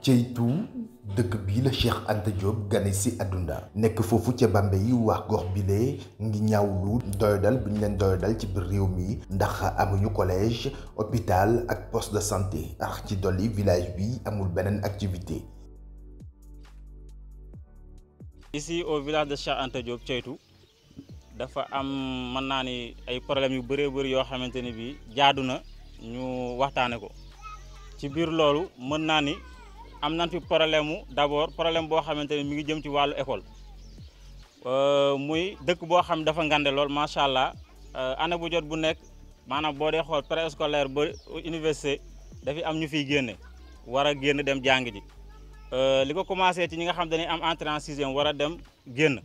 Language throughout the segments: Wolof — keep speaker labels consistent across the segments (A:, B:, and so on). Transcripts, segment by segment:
A: ceytu dëkk bi la Cheikh Anta Diop gane si adduna nekk foofu ca Bambey yi wax gox bilee ngi ñaawlu doyadal bu ñu leen dal ci biir réew mi ndax amuñu collège hôpital ak poste de santé ax ci dolli village bi amul beneen activité.
B: ici au village de Cheikh Anta Diop ceytu dafa am mën naa ni ay problèmes yu bëree bëri yoo xamante ni bii jaadu na ñu waxtaane ko ci biir loolu mën naa ni. am nañ fi problème mu d'abord problème boo xamante ne mi ngi jëm ci wàllu école euh, muy dëkk boo xam dafa ngande lool macha allah euh, année bu jot bu nekk maanaam boo dee xool préscolaire ba université dafi am ñu fiy génne war a génn dem jàng ji euh, li ko commencé ci ñi nga xam dañuy am entrée en sixième war a dem génn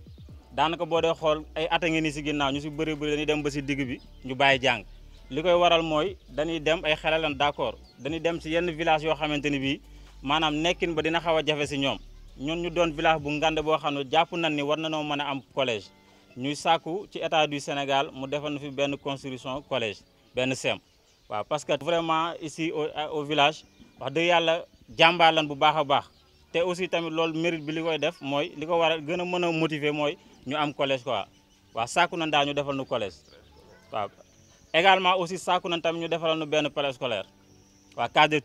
B: daanaka boo dee xool ay at a ngi nii si ginnaaw ñu si bëri bëri dañuy dem ba si digg bi ñu bàyyi jàng li koy waral mooy dañuy dem ay xelalan d'accord dañuy dem si yenn village yoo xamante ni bii maanaam nekkin ba dina xaw a jafe si ñoom ñun ñu doon village bu ngande boo xam ne jàpp na ni war na noo mën a am collège ñuy sàkku ci état du Sénégal mu defal fi benn construction collège benn sem waaw parce que vraiment ici au village wax dëgg yàlla jàmbaar bu baax a baax te aussi tamit loolu mérite bi li koy def mooy li ko war gën a mën a motiver mooy ñu am collège quoi waaw sàkku nañ daal ñu defal nu collège waaw également aussi sàkku nañ tamit ñu defal nu benn préscolaire waa case des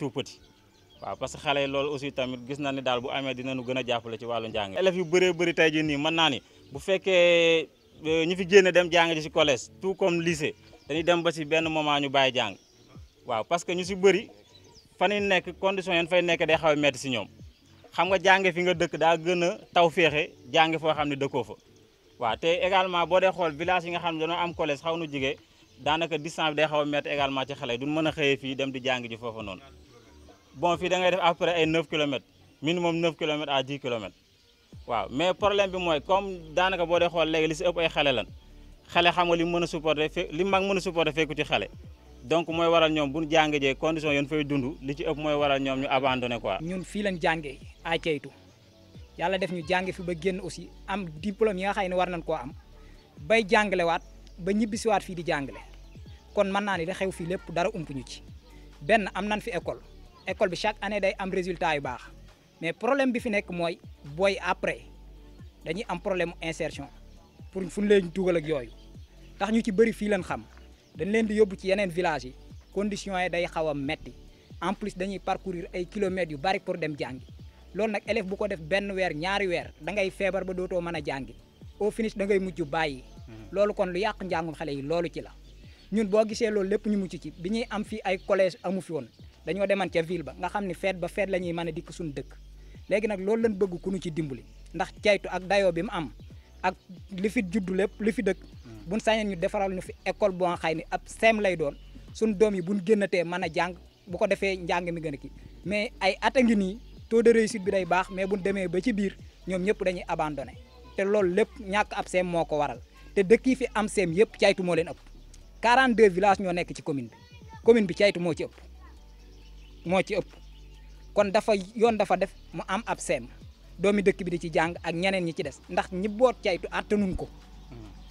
B: waaw parce que xale yi loolu aussi tamit gis na ni daal bu amee dinañu gën a jàppale ci wàllu njàng élèves yu bëree bëri tey jii nii mën naa ni bu fekkee euh, ñi fi génne dem jàng ji si collège tout comme lycée dañuy dem ba si benn moment ñu bàyyi jàng waaw parce que ñu si bëri fa yi nekk condition yeen fay nekk day xaw a metti si ñoom xam nga jànge fi nga dëkk daa gën a taw féexe jànge foo xam ne dëkkoo fa waaw te également boo dee xool village yi nga xam ne dañoo am collège xaw nu jigee daanaka distance bi xaw a metti également ci xale yi mën a xëyee fii dem di jàng ji foofa noonu bon fii dangay ngay def à peu près ay 9 kilomètres minimum 9 kilomètres à 10 waaw mais problème bi mooy comme daanaka boo dee xool léegi li si ëpp ay xale lan xale xam nga li mën a supporter fe li mag mën a supporter fekku ci xale donc mooy waral ñoom bu ñu jàngee jee condition yoon fay dund li ci ëpp mooy waral ñoom ñu abandonné quoi.
C: ñun fii lañ jàngee à Ceytu yàlla def ñu jànge fi ba génn aussi am diplôme yi nga xay ne war nañ koo am bay jàngalewaat ba ñibbisiwaat fii di jàngale kon mën naa ne li xew fii lépp dara ump ci benn am nañ fi école. école bi chaque année day am résultat yu baax mais problème bi fi nekk mooy booy après dañuy am problème insertion pour fu ñu leen dugal ak yooyu tax ñu ci bëri fii leen xam dañ leen di yóbbu ci yeneen village yi conditions yi day xaw a metti en plus dañuy parcourir ay kilomètres yu bari pour dem jàngi loolu nag élève bu ko def benn weer ñaari weer da ngay feebar ba dootoo mën a jàngi au finish da ngay mujj bàyyi hmm. loolu kon lu yàq njàngum xale yi loolu ci la ñun boo gisee loolu lépp ñu mucc ci bi ñuy am fii ay collège amu fi woon dañoo deman ca ville ba nga xam ni feet ba feet lañuy ñuy mën a dikk suñu dëkk léegi nag loolu lañ bëgg ku ñu ci dimbali ndax caytu ak dayoo bi mu am ak li fi juddu lépp li fi dëkk hmm. buñ sañeen ñu defaral ñu fi école boo xay ni ab seem lay doon suñ doom yi buñ génnatee mën a jàng bu ko defee njàng mi gën a kii mais ay at a ngi nii taux de réussite bi day baax mais bu buñ demee ba ci biir ñoom ñëpp dañuy abandonné te loolu lépp ñàkk ab seem moo ko waral te dëkk yi fi am seem yëpp caytu moo leen ëpp 42 village ñoo nekk ci commune bi commune bi caytu moo ci ëpp moo ci ëpp kon dafa yoon dafa def mu am ab seem doomi dëkk bi di ci jàng ak ñeneen ñi ci des ndax ñi boot caytu attanuñ ko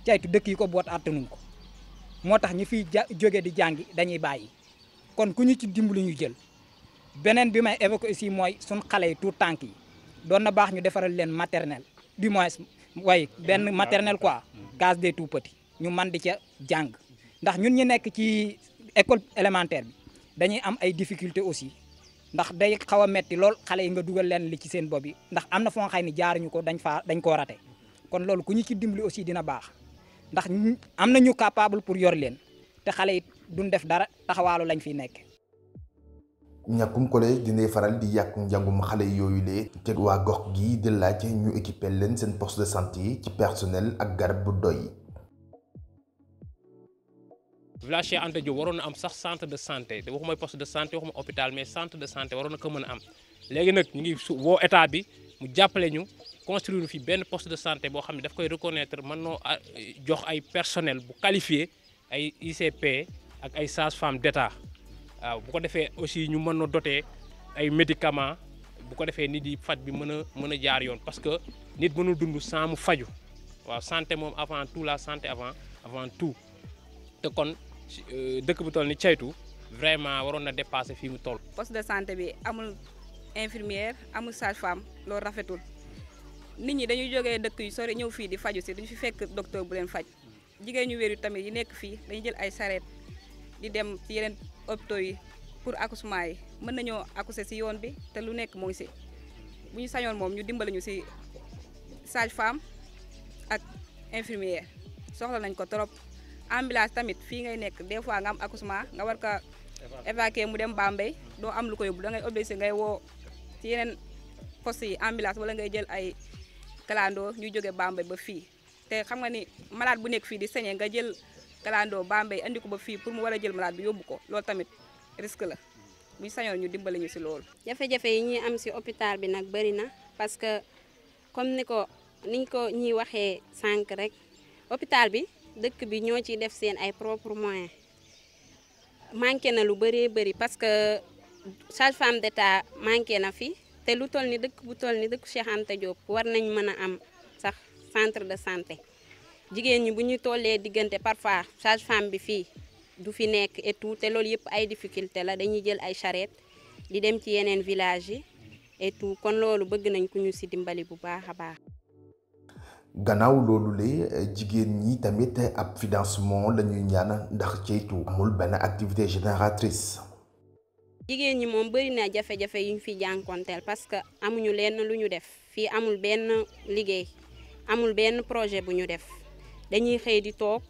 C: caytu dëkk yi ko boot attanuñ ko moo tax ñi fi ja jóge di jàngi dañuy bàyyi kon ku ñu ci dimbali ñu jël beneen bi may évoquer aussi mooy suñ xale yi tout tànk yi doon na baax ñu defaral leen maternel du moins benn maternel quoi case mm-hmm. des tout ñu man di ca jàng ndax ñun ñu nekk ci école élémentaire bi dañuy am ay difficulté aussi ndax day xaw a metti lool xale yi nga dugal leen li ci seen bopp yi ndax am na foo nga xam jaaruñu ko dañ faa dañ koo rate kon loolu ku ñu ci dimbali aussi dina baax ndax am na ñu capable pour yor leen te xale yi duñ def dara taxawaalu lañ fi nekk.
A: ñàkkum collège dinay faral di yàq njàngum xale yooyu lee te waa gox gi di ci ñu équipé leen seen poste de santé ci personnel ak garab bu doy. village Cheikh Anta Diop waroon na am sax centre de santé te waxumay poste de santé waxuma hôpital mais centre de santé waroon na mën a am léegi nag ñu ngi woo état bi mu jàppale ñu construire ñu fi benn poste de santé boo xam ne daf koy reconnaître mën noo ah, jox ay personnel bu qualifié ay ICP ak ay sages-femmes d'État waaw bu ko defee aussi ñu mën a doter ay médicaments bu ko defee nit yi faj bi mën a mën a jaar yoon parce que nit mënul dund sans mu faju waaw santé moom avant tout la santé avant avant tout Euh, dëkk bu toll ni caytu vraiment waroon na dépasser fii mu toll.
D: poste de santé bi amul infirmière amul sage-femme loolu rafetul nit ñi dañuy jógee dëkk yu sori ñëw fii di faju si dañu fi fekk docteur bu leen faj jigéen ñu wéru tamit yi nekk fii dañu jël ay sareet di dem yeneen hôpitaux yi pour accouchement yi mën nañoo accoucher si yoon bi te lu nekk mooy si bu ñu sañoon moom ñu dimbali ñu si sage-femme ak infirmière soxla nañ ko trop. ambulance tamit fii ngay nekk des fois nga am accouchement nga war ka évacuer mu dem Bambey doo am lu ko yóbbu da ngay obligé ngay woo ci yeneen poste yi ambulance wala ngay jël ay kalandoo ñu jóge Bambey ba fii te xam nga ni malade bu nekk fii di sañee nga jël kalandoo Bambey indi ko ba fii pour mu war a jël malade bu yóbbu ko loolu tamit risque la buñ sañoon ñu dimbali ñu si loolu. jafe-jafe yi ñuy am si hôpital bi nag bëri na parce que comme ni ko niñ ko ñuy waxee sànq rek hôpital bi. dëkk bi ñoo ciy def seen ay propre moyen manqué na lu bëree bëri parce que sage-femme d'État manqué na fi te lu toll ni dëkk bu toll ni dëkk Cheikh Anta war nañ mën a am sax centre de santé jigéen ñi bu ñu tollee diggante parfois sage-femme bi fii du fi nekk et tout te loolu yëpp ay difficulté la dañuy jël ay charrette di dem ci yeneen village yi et kon loolu bëgg nañ ku ñu si dimbali bu baax a baax
A: gannaaw loolu la jigéen ñi tamit ab financement la ñaan ndax ceytu amul benn activité génératrice.
D: jigéen ñi moom bëri na jafe-jafe yu ñu fi jànkonteel parce que amuñu lenn lu ñu def fii amul benn liggéey amul benn projet bu ñu def dañuy xëy di toog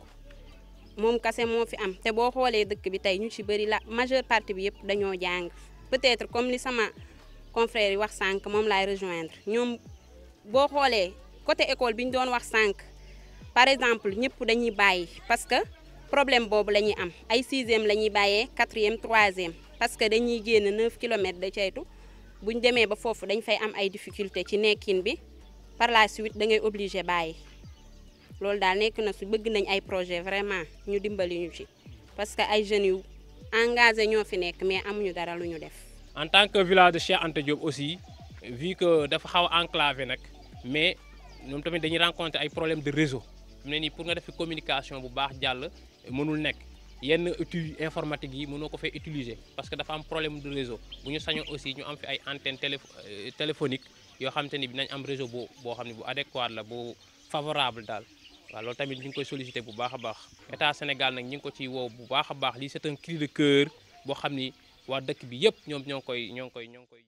D: moom kase moo fi am te boo xoolee dëkk bi tey ñu ci bëri la majeure partie bi yëpp dañoo jàng peut-être comme li sama confrère yi wax sànq moom lay rejoindre ñoom boo xoolee. côté école bi ñu doon wax sànq par exemple ñëpp dañuy bàyyi parce que problème boobu la ñuy am ay sixième la ñuy bàyyee quatrième troisième parce que dañuy génn neuf kilomètres da caytu bu ñu demee ba foofu dañ fay am ay difficulté ci nekkin bi par la suite da ngay obligé bàyyi loolu daal nekk na su bëgg nañ ay projet vraiment ñu dimbali ñu ci parce que ay jeunes yu engagé ñoo fi nekk mais amuñu dara lu ñu def.
A: en tant que village de Cheikh Anta Diop aussi vu que dafa xaw a nag ñoom tamit dañuy rencontrer ay problème de réseau xam ne nii pour nga def communication bu baax jàll mënul nekk yenn outils informatique yi mënoo ko fee utiliser parce que dafa am problème de réseau bu ñu sañoon aussi ñu am fi ay antenne télé euh, téléphonique yoo xam te ni dinañ am réseau boo boo xam ne bu adéquat la bu favorable daal waaw loolu tamit ñu ngi koy solicité bu baax a baax état Sénégal nag ñu ngi ko ciy woow bu baax a baax lii c'est un cri de cœur boo xam ni waa dëkk bi yëpp ñoom ñoo ngi koy ñoo ngi koy ñoo ngi koy